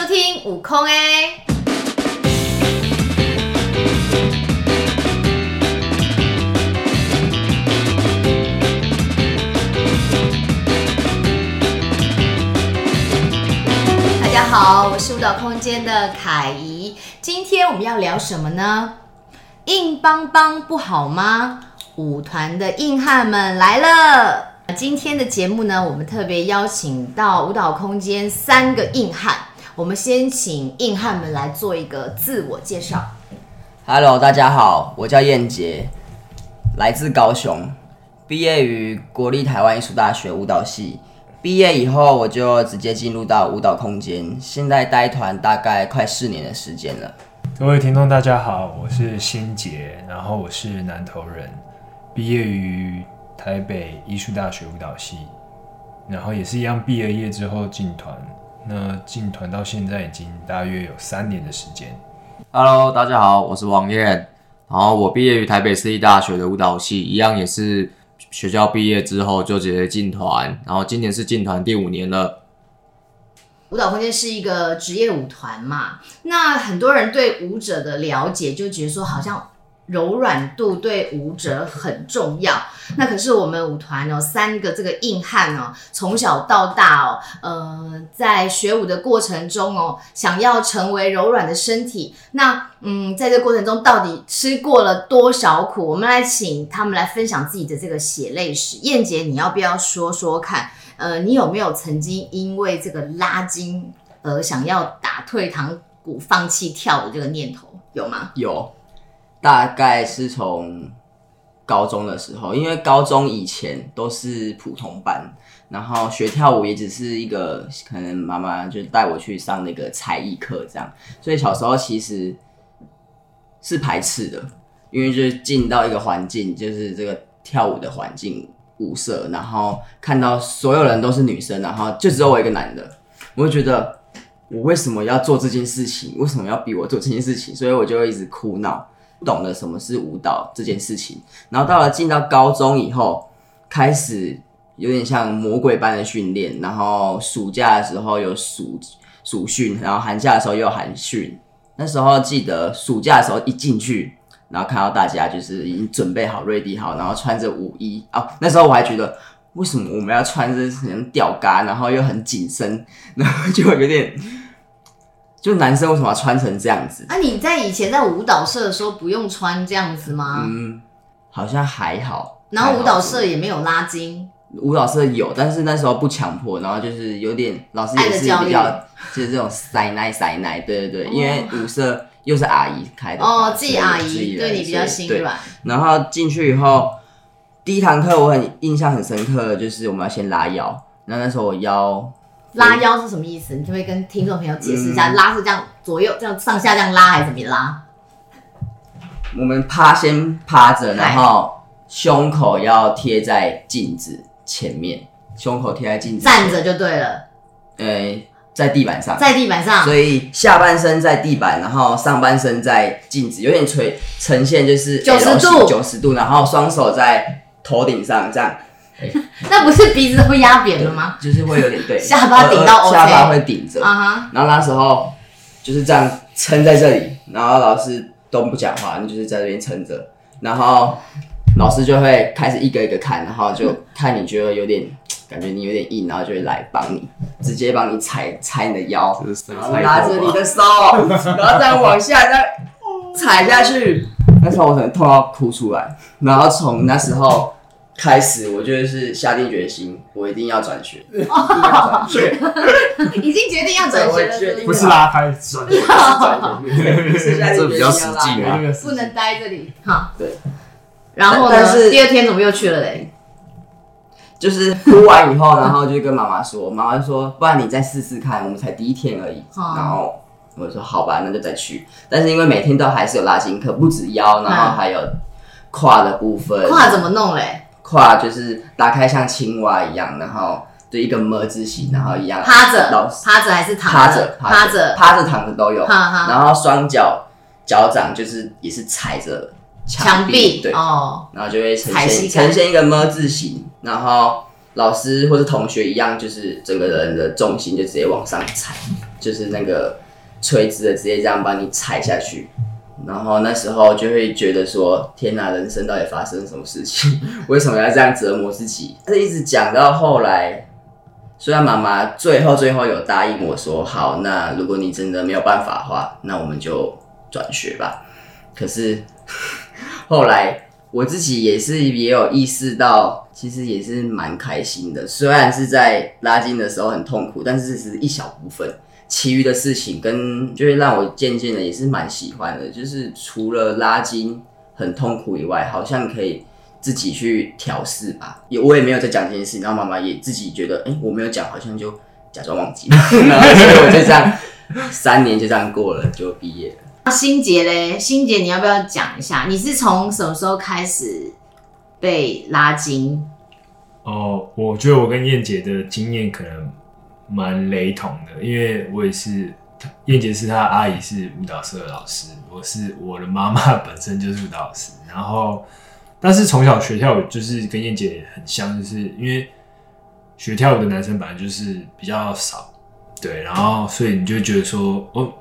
收聽悟空，欸，大家好，我是舞蹈空間的凱怡。今天我們要聊什麼呢？硬邦邦不好嗎？舞團的硬漢們來了。今天的節目呢，我們特別邀請到舞蹈空間三個硬漢。我們先請硬漢們來做一個自我介紹。Hello，大家好，我叫燕杰，來自高雄，畢業於國立台灣藝術大學舞蹈系。畢業以後，我就直接進入到舞蹈空間，現在待團大概快四年的時間了。各位聽眾，大家好，我是新杰，然後我是南投人，畢業於台北藝術大學舞蹈系，然後也是一樣，畢了業，業之後進團。那進團到現在已經大約有三年的時間。Hello，大家好，我是王燕。然後我畢業於台北市立大學的舞蹈系，一樣也是學校畢業之後就直接進團。然後今年是進團第五年了。舞蹈空間是一個職業舞團嘛？那很多人對舞者的了解就覺得說，好像。柔軟度對舞者很重要。那可是我們舞團有哦，三個這個硬漢哦，從小到大哦，呃，在學舞的過程中哦，想要成為柔軟的身體。那嗯，在這過程中到底吃過了多少苦？我們來請他們來分享自己的這個血淚史。燕姐，你要不要說說看？呃，你有沒有曾經因為這個拉筋而想要打退堂鼓，放棄跳舞這個念頭？有嗎？有。大概是從高中的時候，因為高中以前都是普通班，然後學跳舞也只是一個，可能媽媽就帶我去上那個才藝課這樣，所以小時候其實是排斥的，因為就是進到一個環境，就是這個跳舞的環境舞社，然後看到所有人都是女生，然後就只有我一個男的，我就覺得我為什麼要做這件事情？為什麼要逼我做這件事情？所以我就會一直哭鬧。不懂得什麼是舞蹈這件事情，然後到了進到高中以後，開始有點像魔鬼般的訓練，然後暑假的時候有暑暑訓，然後寒假的時候又有寒訓。那時候記得暑假的時候一進去，然後看到大家就是已經準備好、ready 好，然後穿着舞衣哦，那時候我還覺得，為什麼我們要穿着很吊嘎，然後又很緊身，然後就有點。就男生為什麼要穿成這樣子？那、啊、你在以前在舞蹈社的時候不用穿這樣子嗎？嗯，好像還好。然後舞蹈社也沒有拉筋。舞蹈社有，但是那時候不強迫。然後就是有點老師也是也比較就是這種塞奶塞奶。對對對，哦、因為舞社又是阿姨開的哦，自己阿、啊、姨對你比較心軟。然後進去以後，第一堂課我很印象很深刻的就是我們要先拉腰。然後那時候我腰。拉腰是什麼意思？你可以跟聽眾朋友解釋一下，嗯、拉是這樣左右這樣上下這樣拉還是怎麼拉？我們趴，先趴着，然後胸口要貼在鏡子前面，唉胸口貼在鏡子前面。站着就對了。呃、欸，在地板上。在地板上。所以下半身在地板，然後上半身在鏡子，有點垂，呈現就是九十度，九十度，然後雙手在頭頂上這樣。欸、 那不是鼻子會壓扁了嗎？就是會有點對 下巴頂到 OK，下巴會頂着，uh huh，然後那時候就是這樣撐在這裡，然後老師都不講話，你就是在這邊撐着，然後老師就會開始一個一個看，然後就看你覺得有點感覺你有點硬，然後就會來幫你，直接幫你踩踩你的腰的，然後拉着你的手，然後再往下再踩下去， 那時候我可能痛到哭出來，然後從那時候開始，我就是下定決心，我一定要轉學。已經決定要轉學，不是拉開轉學，這比較實際，不能待這裡哈。對。然後呢？第二天怎麼又去了嘞？就是哭完以後，然後就跟媽媽說：“媽媽說，不然你再試試看，我們才第一天而已。”然後我說：“好吧，那就再去。”但是因為每天都還是有拉筋，可不止腰，然後還有胯的部分。胯怎麼弄嘞？胯就是打開像青蛙一樣，然後對一個麼字形，然後一樣趴着著，老到趴着還是躺趴着趴着趴着著著躺着都有，啊、哈然後雙腳腳掌就是也是踩着牆壁，壁對，哦，然後就會呈現呈現一個麼字形，然後老師或者同學一樣，就是整個人的重心就直接往上踩，就是那個垂直的直接這樣幫你踩下去。然後那時候就會覺得說，天哪、啊，人生到底發生了什麼事情？為什麼要這樣折磨自己？這一直講到後來，雖然媽媽最後最後有答應我說，好，那如果你真的沒有辦法的話，那我們就轉學吧。可是呵呵後來我自己也是也有意識到，其實也是蠻開心的，雖然是在拉筋的時候很痛苦，但是這只是一小部分。其餘的事情跟，就是讓我漸漸的也是蠻喜歡的，就是除了拉筋很痛苦以外，好像可以自己去調試吧。也我也沒有在講這件事，然後媽媽也自己覺得，哎、欸，我沒有講，好像就假裝忘記了。 然後所以我就這樣 三年就這樣過了，就畢業了。心杰嘞，心杰，杰，你要不要講一下？你是從什麼時候開始被拉筋？哦，我覺得我跟燕姐的經驗可能，蠻雷同的，因為我也是，燕姐是她阿姨是舞蹈社的老師，我是我的媽媽本身就是舞蹈老師，然後，但是從小學跳舞就是跟燕姐很像，就是因為學跳舞的男生本來就是比較少，對，然後所以你就覺得說哦，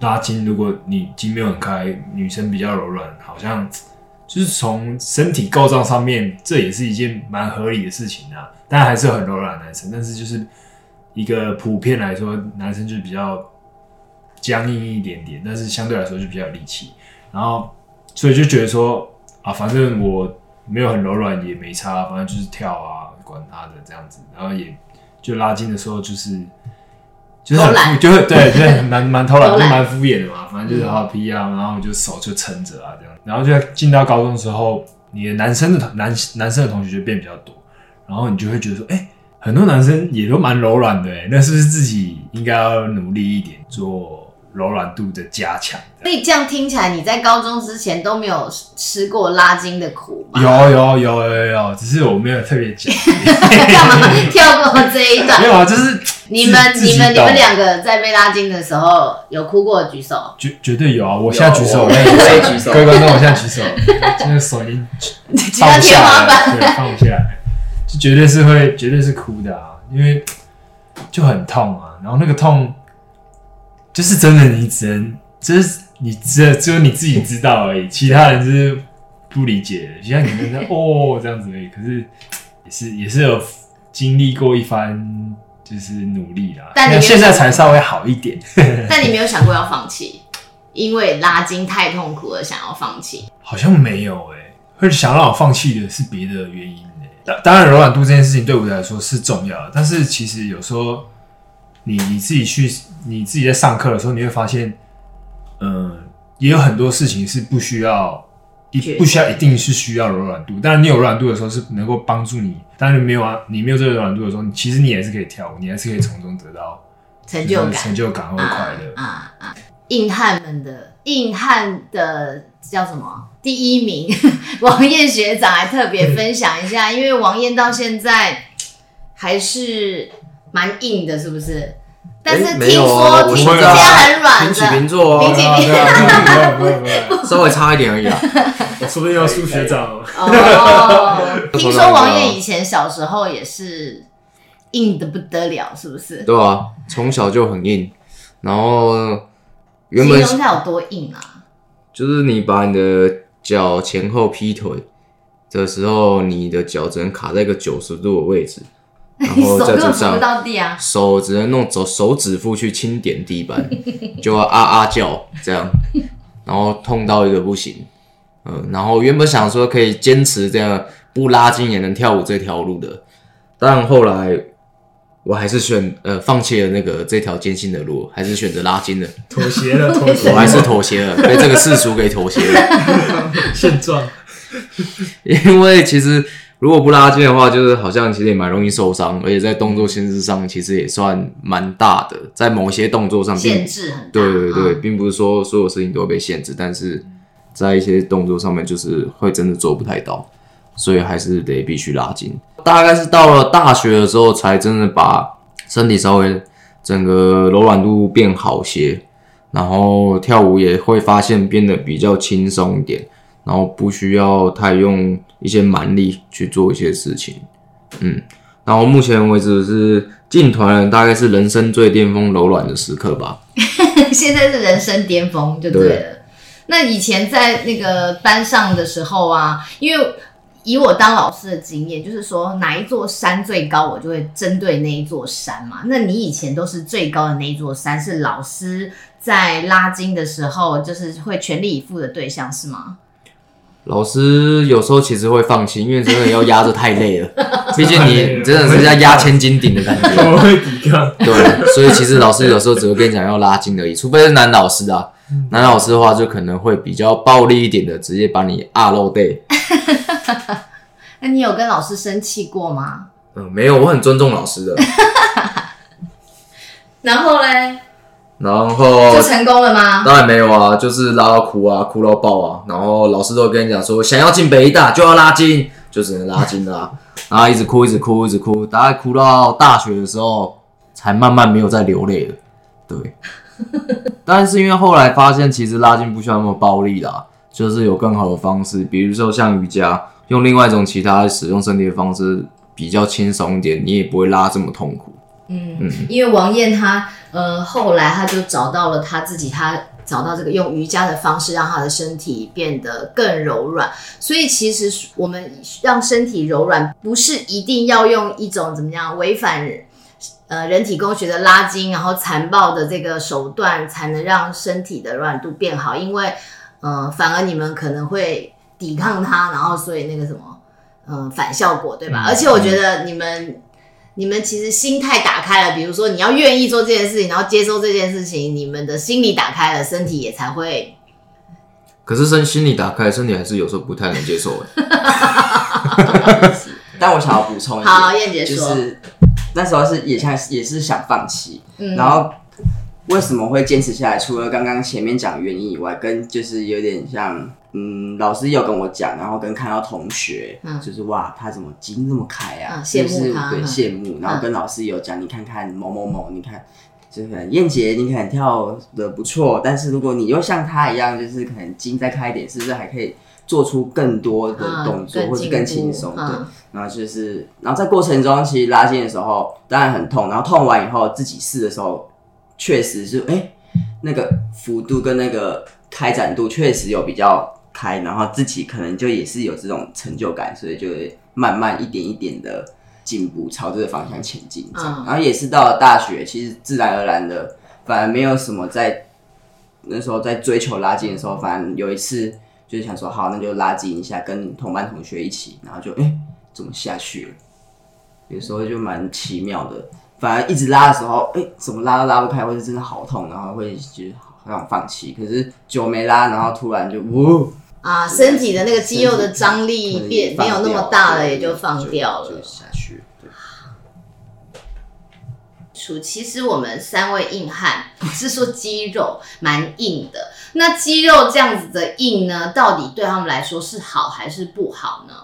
拉筋如果你筋沒有很開，女生比較柔軟，好像就是從身體構造上面，這也是一件蠻合理的事情啊，但還是很柔軟的男生，但是就是。一個普遍來說，男生就比較僵硬一點點，但是相對來說就比較有力氣。然後，所以就覺得說啊，反正我沒有很柔軟也沒差，反正就是跳啊，管他的這樣子。然後，也就拉筋的時候就是就是很偷懶，就是對，就蠻蠻偷懶，偷懶就蠻敷衍的嘛。反正就是好皮啊，然後就手就撐着啊這樣。然後就進到高中的時候，你的男生的男男生的同學就變比較多，然後你就會覺得說，哎、欸。很多男生也都蠻柔軟的欸，那是不是自己應該要努力一點，做柔軟度的加強？所以這樣聽起來，你在高中之前都沒有吃過拉筋的苦嗎？有有有有有，只是我沒有特別講。幹嘛跳過這一段？沒有啊，就是你們你們你們兩個在被拉筋的時候有哭過舉手？絕絕對有啊！我現在舉手，各位觀眾，我現在舉手，那個手已經放不下來，對，放不下來。就絕對是會，絕對是哭的啊！因為就很痛啊，然後那個痛就是真的，你只能，只、就是你只只有你自己知道而已，其他人就是不理解的。就像你們說哦這樣子而已，可是也是也是有經歷過一番就是努力啦，但現在才稍微好一點。但你沒有想過要放棄， 因為拉筋太痛苦了，想要放棄。好像沒有哎、欸，會想讓我放棄的是別的原因。當然，柔軟度這件事情對我來說是重要的，但是其實有時候你自己去，你自己在上課的時候，你會發現，嗯，也有很多事情是不需要一不需要一定是需要柔軟度，當然你有柔軟度的時候是能夠幫助你，當然沒有啊，你沒有這個柔軟度的時候，其實你也是可以跳舞，你還是可以從中得到成就感、就成就感和快樂。啊啊、嗯嗯嗯！硬漢們的硬漢的叫什麼？第一名，王艷學長還特別分享一下，因為王艷到現在還是蠻硬的，是不是？但是聽說體格很軟，平起平坐，平起平坐哦，哈哈哈，稍微差一點而已啊，說不定要輸學長。哦，聽說王艷以前小時候也是硬的不得了，是不是？對啊，從小就很硬，然後原本應該有多硬啊？就是你把你的。腳前後劈腿這個時候，你的腳只能卡在一個九十度的位置，然後上你手根本扶不到地啊！手只能弄手手指腹去輕點地板，就要啊啊叫這樣，然後痛到一個不行。嗯，然後原本想說可以堅持這樣不拉筋也能跳舞這條路的，但後來。我還是選呃，放棄了那個這條艱辛的路，還是選擇拉筋了，妥協了，妥協了。我還是妥協了， 被這個世俗給妥協了， 現狀 狀。因為其實如果不拉筋的話，就是好像其實也蠻容易受傷，而且在動作限制上其實也算蠻大的，在某些動作上限制很大，對對對，哦、並不是說所有事情都會被限制，但是在一些動作上面就是會真的做不太到，所以還是得必須拉筋。大概是到了大學的時候，才真的把身體稍微整個柔軟度變好些，然後跳舞也會發現變得比較輕鬆一點，然後不需要太用一些蠻力去做一些事情。嗯，然後目前為止是進團，大概是人生最巔峰柔軟的時刻吧。 現在是人生巔峰就對了。對 那以前在那個班上的時候啊，因為。以我當老師的經驗，就是說哪一座山最高，我就會針對那一座山嘛。那你以前都是最高的那一座山，是老師在拉筋的時候，就是會全力以赴的對象，是嗎？老師有時候其實會放心，因為真的要壓着太累了， 畢竟你真的是在壓千斤頂的感覺。我會抵抗。對，所以其實老師有時候只會跟你講要拉筋而已，除非是男老師啊。男老師的話，就可能會比較暴力一點的，直接把你啊露背。 那、啊、你有跟老師生氣過嗎？嗯，沒有，我很尊重老師的。 然後嘞咧？然後就成功了嗎？當然沒有啊，就是拉到哭啊，哭到爆啊，然後老師都跟你講說，想要進北藝大就要拉筋，就只能拉筋啦，啊，然後一直，一直哭，一直哭，一直哭，大概哭到大學的時候才慢慢沒有再流淚了。對， 但是因為後來發現，其實拉筋不需要那麼暴力啦，就是有更好的方式，比如說像瑜伽。用另外一種其他使用身體的方式比較輕鬆一點，你也不會拉這麼痛苦。嗯嗯，嗯，因為王燕她呃，後來她就找到了她自己，她找到這個用瑜伽的方式讓她的身體變得更柔軟。所以其實我們讓身體柔軟，不是一定要用一種怎麼樣違反呃，人體工學的拉筋，然後殘暴的這個手段才能讓身體的軟度變好。因為呃，反而你們可能會。抵抗它，然後所以那個什麼，嗯，反效果對吧？嗯、而且我覺得你們、嗯、你們其實心態打開了，比如說你要願意做這件事情，然後接受這件事情，你們的心理打開了，身體也才會。可是身心理打開，身體還是有時候不太能接受的 但我想要補充一，好，下，燕姐說，就是那時候是也像也是想放棄，嗯、然後為什麼會堅持下來？除了剛剛前面講的原因以外，跟就是有點像。嗯，老師有跟我講，然後跟看到同學，嗯、就是哇，他怎麼筋那麼開啊？羨慕他，羨、啊、慕。然後跟老師有講，啊、你看看某某某，嗯、你看這個燕姐，你可能跳得不錯，但是如果你又像他一樣，就是可能筋再開一點，是不是還可以做出更多的動作，啊、或者更輕鬆？啊、對，然後就是，然後在過程中，其實拉筋的時候當然很痛，然後痛完以後自己試的時候，確實是，哎、欸，那個幅度跟那個開展度確實有比較。開，然後自己可能就也是有這種成就感，所以就會慢慢一點一點的進步，朝這個方向前進。這樣嗯、然後也是到了大學，其實自然而然的，反而沒有什麼在那時候在追求拉筋的時候，反正有一次就想說，好，那就拉筋一下，跟同班同學一起，然後就哎、欸、怎麼下去有時候就蠻奇妙的，反而一直拉的時候，哎、欸、怎麼拉都拉不開，或者真的好痛，然後會就，很想放棄。可是久沒拉，然後突然就嗚。呃啊，身體的那個肌肉的張力變沒有那麼大了，也就放掉了。對。出，其實我們三位硬漢是說肌肉 蠻硬的。那肌肉這樣子的硬呢，到底對他們來說是好還是不好呢？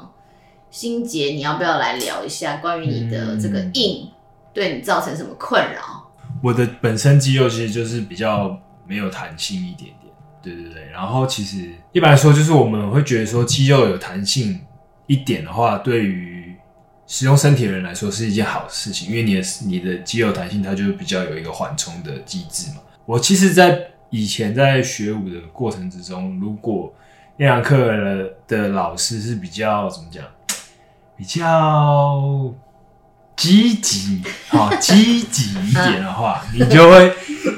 心杰，你要不要來聊一下關於你的這個硬對你造成什麼困擾？我的本身肌肉其實就是比較沒有彈性一點點。對對對，然後其實一般來說，就是我們會覺得說肌肉有彈性一點的話，對於使用身體的人來說是一件好事情，因為你的你的肌肉彈性它就比較有一個緩衝的機制嘛。我其實，在以前在學舞的過程之中，如果一堂課的老師是比較怎麼講，比較。積極啊，積極、哦、一點的話，嗯、你就會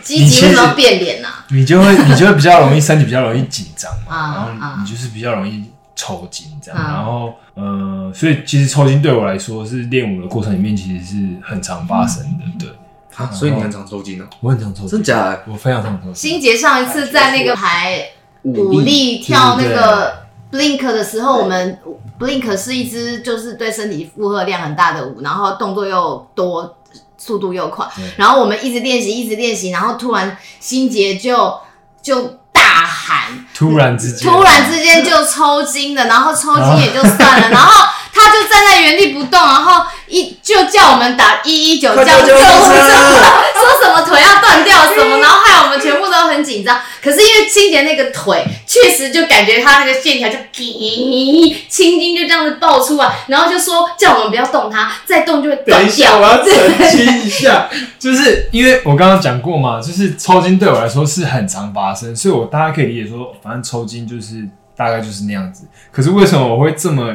積極，然後變臉吶、啊。你就會，你就會比較容易身體比較容易緊張嘛，嗯嗯、然後你就是比較容易抽筋這樣。嗯、然後，呃，所以其實抽筋對我來說是練舞的過程裡面其實是很常發生的，嗯、對、啊、所以你很常抽筋啊、喔？我很常抽筋，真假的？我非常常抽筋。心杰上一次在那個排舞裡跳那個、嗯。就是 Blink 的時候，對我們 Blink 是一支就是對身體負荷量很大的舞，然後動作又多，速度又快，然後我們一直練習，一直練習，然後突然心傑就就大喊，突然之間，突然之間就抽筋了，然後抽筋也就算了，啊、然後他就站在原地不動，然後一就叫我們打一一九叫救護車。什麼腿要斷掉什麼，然後害我們全部都很緊張。 可是因為清潔那個腿，確實就感覺他那個線條就，青筋就這樣子爆出來，然後就說叫我們不要動它，再動就會斷掉等一下。我要澄清一下，對對對，就是因為我剛剛講過嘛，就是抽筋對我來說是很常發生，所以我大家可以理解說，反正抽筋就是大概就是那樣子。可是為什麼我會這麼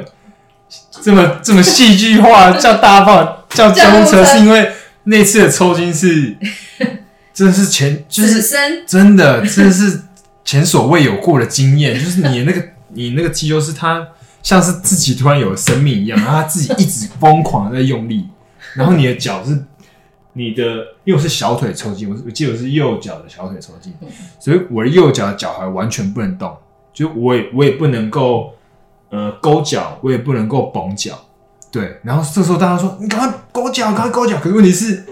這麼這麼戲劇化叫大家叫救護車，對是因為。那次的抽筋是，真的是前生就是真的、真的是前所未有過的經驗。就是你那個你那個肌肉是它像是自己突然有了生命一樣，然後它自己一直瘋狂的在用力，然後你的腳是你的，因為我是小腿抽筋，我是我記得我是右腳的小腿抽筋，所以我的右腳腳踝完全不能動，就我也我也不能夠呃勾腳，我也不能夠繃腳。呃對，然後這時候大家說：“你趕快勾腳，趕快勾腳。”可是問題是，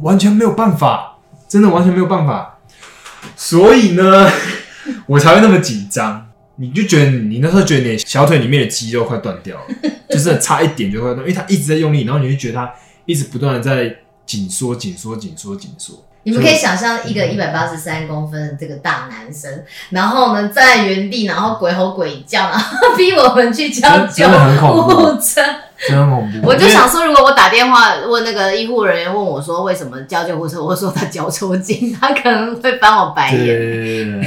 完全沒有辦法，真的完全沒有辦法。所以呢，我才會那麼緊張。你就覺得你那時候覺得你小腿裡面的肌肉快斷掉了， 就是差一點就會斷，因為他一直在用力，然後你就覺得他一直不斷的在緊縮、緊縮、緊縮、緊縮。你們可以想象一個一百八十三公分的這個大男生，然後呢，站在原地，然後鬼吼鬼叫，然後逼我們去叫救護車。真的恐怖！我，我就想說，如果我打電話問那個醫護人員，問我說為什麼叫救護車，我說他腳抽筋，他可能會翻我白眼。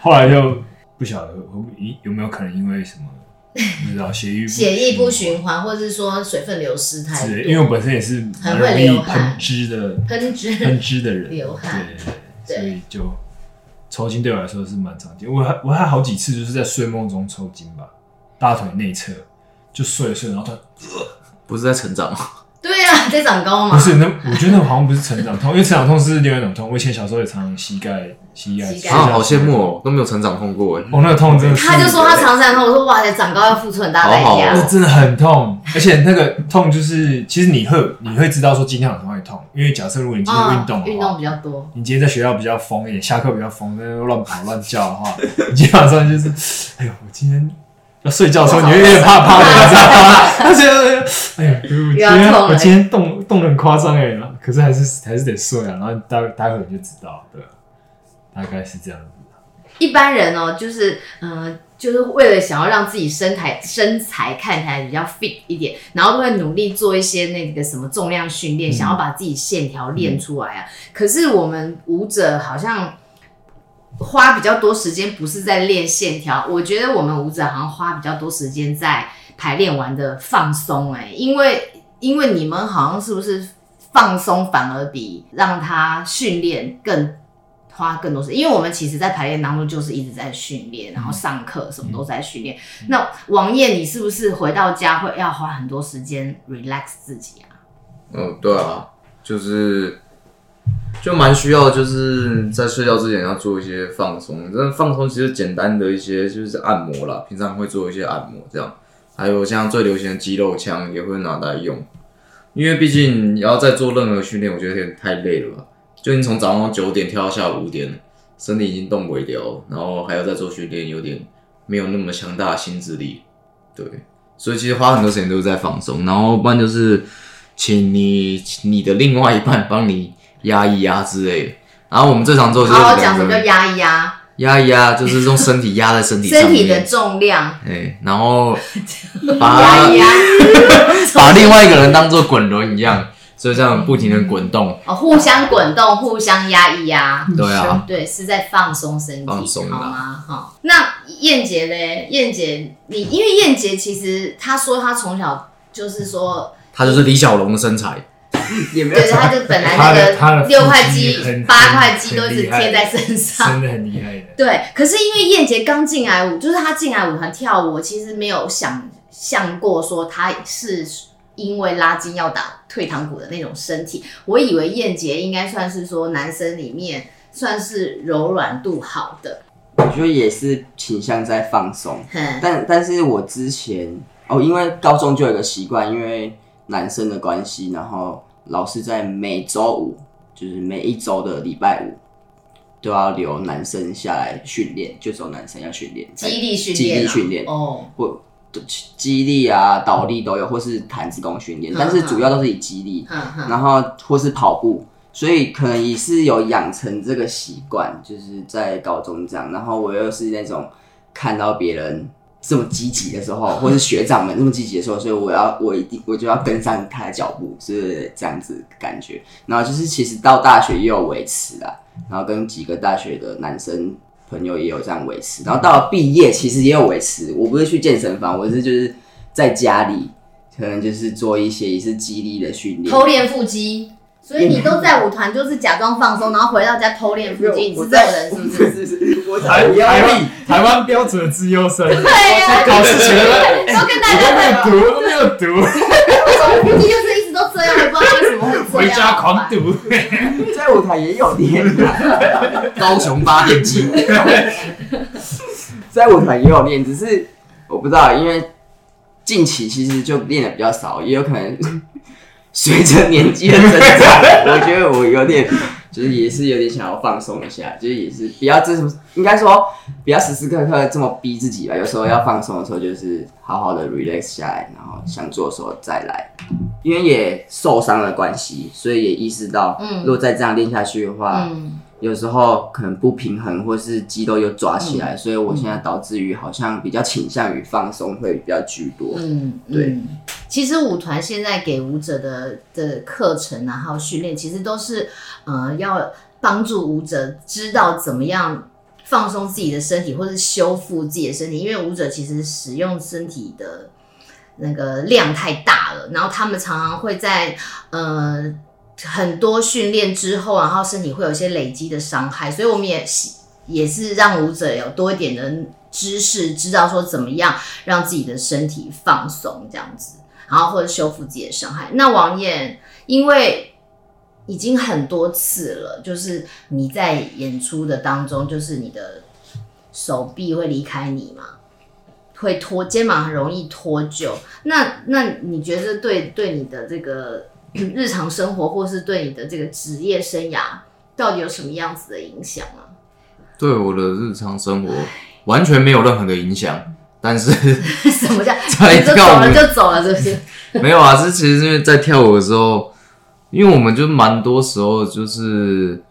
後來就不曉得，有沒有可能因為什麼，不知道血液血液不循環，或者是說水分流失太多。是因為我本身也是很容易噴汁的，噴汁噴汁的人，流汗。對，對，對，對所以就抽筋對我來說是蠻常見。我還我還好幾次就是在睡夢中抽筋吧，大腿內側。就睡了，睡了，然後他不是在成長嗎？ 對啊，在長高嘛。不是，那，我覺得那個好像不是成長痛，因為成長痛是另外一種痛。我以前小時候也常常膝蓋、膝蓋啊，膝所以好羨慕哦，都沒有成長痛過。我、嗯哦、那個痛真的，是的。他就說他常常痛，我說哇，長高要付出很大代價、啊。好好哦、那真的很痛，而且那個痛就是，其實你會你會知道說今天很痛會痛，因為假設如果你今天運動運、哦、動比較多，你今天在學校比較瘋一點，下課比較瘋，那亂跑亂叫的話， 你基本上就是，哎呦，我今天。要睡覺的時候，你有點怕怕的，你、哦、但是，哎呀，對不起，我今天動動的很誇張哎，可是還是還是得睡啊。然後待待會你就知道了，對，大概是這樣子。一般人哦、喔，就是嗯、呃，就是為了想要讓自己身材身材看起來比較 fit 一點，然後都會努力做一些那個什麼重量訓練，嗯、想要把自己線條練出來啊。嗯、可是我們舞者好像。花比較多時間不是在練線條，我覺得我們舞者好像花比較多時間在排練完的放鬆哎、欸，因為因為你們好像是不是放鬆反而比讓他訓練更花更多時間？因為我們其實在排練當中就是一直在訓練，然後上課什麼都在訓練。嗯嗯、那王燕，你是不是回到家會要花很多時間 relax 自己啊？嗯、哦，對啊，就是。就蠻需要，就是在睡覺之前要做一些放鬆。這放鬆其實簡單的一些就是按摩啦，平常會做一些按摩這樣。還有像最流行的肌肉槍也會拿來用，因為畢竟你要再做任何訓練，我覺得有點太累了吧，就你從早上九點跳到下午五點，身體已經動不了，然後還要再做訓練，有點沒有那麼強大的心智力。對，所以其實花很多時間都是在放鬆，然後不然就是請，請你你的另外一半幫你。壓一壓之類的，然後我們這場做就是我剛剛，好好講什麼叫壓一壓。壓一壓就是用身體壓在身體， 身體的重量。哎、欸，然後把壓一壓 把另外一個人當做滾輪一樣，所以這樣不停的滾動。哦，互相滾動，互相壓一壓。對啊，對，是在放鬆身體，放鬆好嗎？好，那彥杰嘞？彥杰，你因為彥杰其實他說他從小就是說，他就是李小龍的身材。對 他就本來那個六塊肌、八塊肌都是貼在身上，真的很厲害的。對，可是因為燕杰剛進來舞，就是他進來舞團跳舞，其實沒有想象過說他是因為拉筋要打退堂鼓的那種身體。我以為燕杰應該算是說男生裡面算是柔軟度好的，我覺得也是傾向在放鬆。嗯、但但是我之前哦，因為高中就有一個習慣，因為男生的關係，然後。老師在每周五，就是每一周的禮拜五，都要留男生下來訓練，就只有男生要訓練，肌力訓練，肌力訓練，哦、啊，或肌力啊、倒立都有，嗯、或是彈子功訓練，呵呵但是主要都是以肌力，呵呵然後或是跑步，所以可能也是有養成這個習慣，就是在高中這樣，然後我又是那種看到別人。這麼積極的時候，或是學長們這麼積極的時候，所以我要我一定我就要跟上他的腳步，是，是這樣子的感覺。然後就是其實到大學也有維持啦，然後跟幾個大學的男生朋友也有這樣維持。然後到了畢業，其實也有維持。我不是去健身房，我是就是在家裡，可能就是做一些也是肌力的訓練，偷練腹肌。所以你都在舞團，就是假裝放鬆，然後回到家偷練腹肌，你是這種人是不是？我我是是。是是我台灣台灣台灣標準的資優生，對呀、啊。搞事情。不要跟大家來。我沒有讀，都沒有讀。估計是 就是一直都這樣，我不知道為什麼會。回家狂讀。在舞台也有練、 啊。高雄八年級。 在舞團也有練，只是我不知道，因為近期其實就練得比較少，也有可能。隨着年紀的增長， 我覺得我有點，就是也是有點想要放鬆一下，就是也是不要這什麼，應該說不要時時刻刻這麼逼自己吧。有時候要放鬆的時候，就是好好的 relax 下來，然後想做的時候再來。因為也受傷的關係，所以也意識到，嗯，如果再這樣練下去的話，嗯。嗯有時候可能不平衡，或是肌肉又抓起來，嗯，所以我現在導致於好像比較傾向於放鬆會比較居多。嗯，對。嗯，嗯。其實舞團現在給舞者的的課程，然後訓練，其實都是呃要幫助舞者知道怎麼樣放鬆自己的身體，或是修復自己的身體，因為舞者其實使用身體的那個量太大了，然後他們常常會在呃。很多訓練之後，然後身體會有一些累積的傷害，所以我們也是也是讓舞者有多一點的知識，知道說怎麼樣讓自己的身體放鬆這樣子，然後或者修復自己的傷害。那王燕，因為已經很多次了，就是你在演出的當中，就是你的手臂會離開你嘛，會脫肩膀，很容易脫臼。那那你覺得對對你的這個？日常生活，或是對你的這個職業生涯到底有什麼樣子的影響啊？對我的日常生活完全沒有任何的影響，但是 什麼叫 在跳舞就走了，就走了是不是？這是 沒有啊，是其實因為在跳舞的時候，因為我們就蠻多時候就是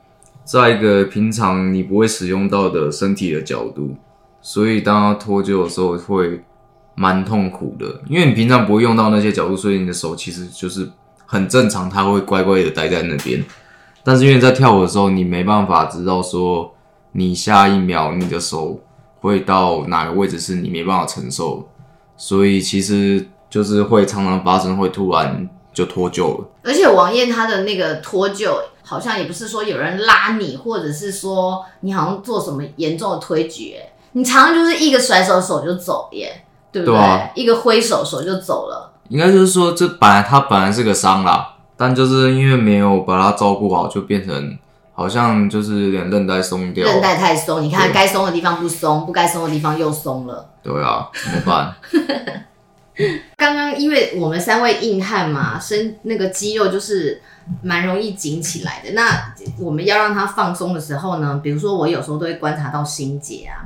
在一個平常你不會使用到的身體的角度，所以當他脫臼的時候會蠻痛苦的，因為你平常不會用到那些角度，所以你的手其實就是。很正常，他會乖乖的待在那邊。但是因為在跳舞的時候，你沒辦法知道說你下一秒你的手會到哪個位置是你沒辦法承受，所以其實就是會常常發生，會突然就脫臼了。而且王燕她的那個脫臼，好像也不是說有人拉你，或者是說你好像做什麼嚴重的推舉，欸，你常常就是一個甩手的手就走耶，欸，對不對？對啊，一個揮手的手就走了。應該就是說，這本來它本來是個傷啦，但就是因為沒有把它照顧好，就變成好像就是有點韌帶鬆掉了。韌帶太鬆，你看該鬆的地方不鬆，吧不該鬆的地方又鬆了。對啊，怎麼辦？剛剛 因為我們三位硬漢嘛，身那個肌肉就是蠻容易緊起來的。那我們要讓他放鬆的時候呢，比如說我有時候都會觀察到心姐啊，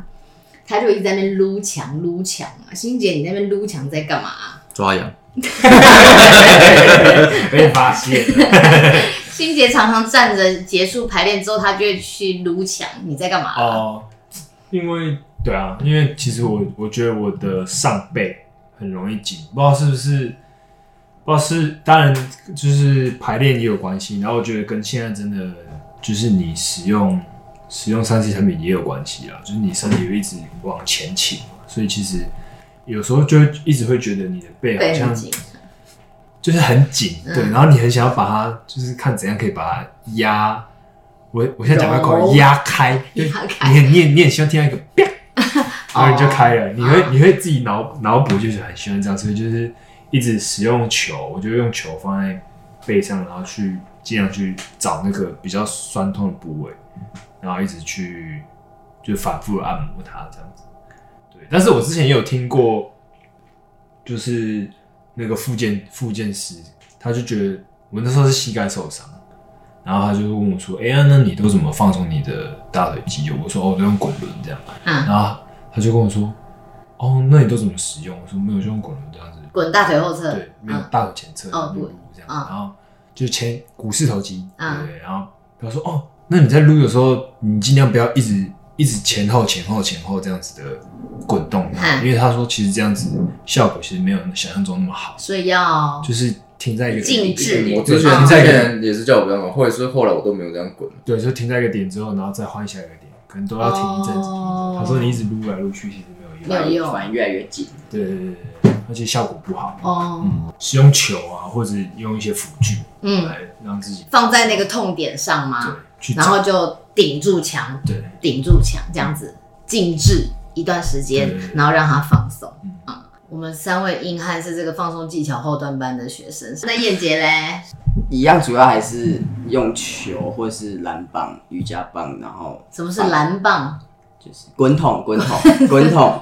他就一直在那邊擼牆擼牆啊。心姐你在邊在、啊，你那邊擼牆在幹嘛？抓癢。被發現。新潔常常站着，結束排練之後，他就會去擼牆。你在幹嘛？哦、呃，因為對啊，因為其實我我覺得我的上背很容易緊，不知道是不是，不知道是，是當然就是排練也有關係，然後我覺得跟現在真的就是你使用使用三 C 產品也有關係啊，就是你身體一直往前傾，所以其實。有時候就一直會覺得你的背好像背很就是很緊，嗯、對，然後你很想要把它，就是看怎樣可以把它壓。我我現在講個口，壓、哦、開，就你很你念你也希望喜歡聽到一個啪，哦、然後你就開了。你會你會自己腦腦補，就是很喜歡這樣，所以就是一直使用球，我就用球放在背上，然後去儘量去找那個比較酸痛的部位，然後一直去就反覆按摩它，這樣子。但是我之前也有聽過，就是那個復健復健師，他就覺得我那時候是膝蓋受傷，然後他就問我說：“哎呀，那你都怎麼放鬆你的大腿肌肉？”我說：“哦，都用滾輪這樣。”嗯，然後他就跟我說：“哦，那你都怎麼使用？”我說：“沒有，就用滾輪這樣子滾大腿後側，對，沒有大腿前側哦，對。這樣，然後就前股四頭肌，嗯、對，然後他說：‘哦，那你在擼的時候，你盡量不要一直。’”一直前後前後前後這樣子的滾動，因為他說其實這樣子效果其實沒有想象中那麼好，所以要就是停在一個靜止。我之前以前也是叫我這樣搞，或者是後來我都沒有這樣滾，對，就停在一個點之後，然後再換下一個點，可能都要停一陣子。他說你一直擼來擼去其實沒有用，沒有，反而越來越緊。對對對，而且效果不好。哦，嗯，是用球啊，或者用一些輔具，嗯、來讓自己放在那個痛點上嗎？對，然後就。頂住牆，對，頂住牆，這樣子靜置一段時間，嗯、然後讓他放鬆。啊、嗯，我們三位硬漢是這個放鬆技巧後段班的學生。那燕杰呢？一樣，主要還是用球或是藍棒、瑜伽棒，然後什麼是藍棒？就是滾筒，滾筒，滾筒，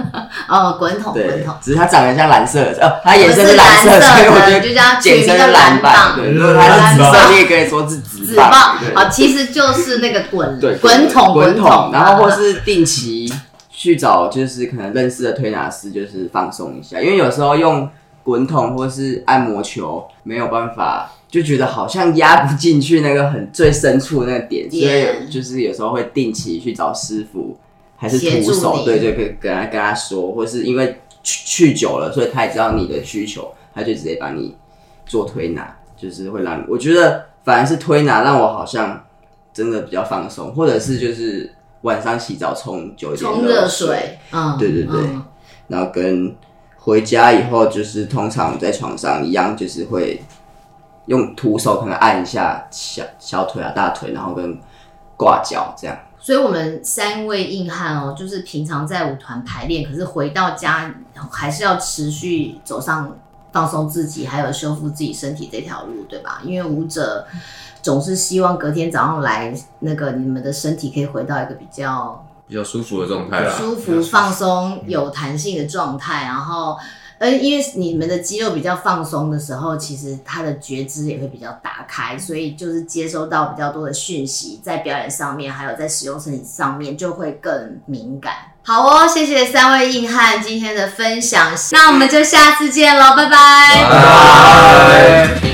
哦，滾筒，滾筒，只是它長得像藍色，呃，它顏色是藍色，所以我覺得就叫簡稱藍棒，對，紫色你也可以說是紫棒，好，其實就是那個滾，滾筒，滾筒，然後或是定期去找，就是可能認識的推拿師，就是放鬆一下，因為有時候用滾筒或是按摩球沒有辦法，就覺得好像壓不進去那個很最深處那個點，所以就是有時候會定期去找師傅。還是徒手對對，可以跟他跟他說，或是因為去去久了，所以他也知道你的需求，他就直接幫你做推拿，就是會讓你，我覺得反而是推拿讓我好像真的比較放鬆，或者是就是晚上洗澡沖久一點熱水，啊，對對對，嗯嗯、然後跟回家以後就是通常在床上一樣，就是會用徒手可能按一下小小腿啊、大腿，然後跟掛腳這樣。所以，我們三位硬漢哦，就是平常在舞團排練，可是回到家還是要持續走上放鬆自己，還有修復自己身體這條路，對吧？因為舞者總是希望隔天早上來，那個你們的身體可以回到一個比較比較舒服的狀態，舒服、放鬆、有彈性的狀態，然後。因為你們的肌肉比較放鬆的時候，其實他的覺知也會比較打開，所以就是接收到比較多的訊息，在表演上面，還有在使用身體上面，就會更敏感。好哦，謝謝三位硬漢今天的分享，那我們就下次見嘍，拜拜。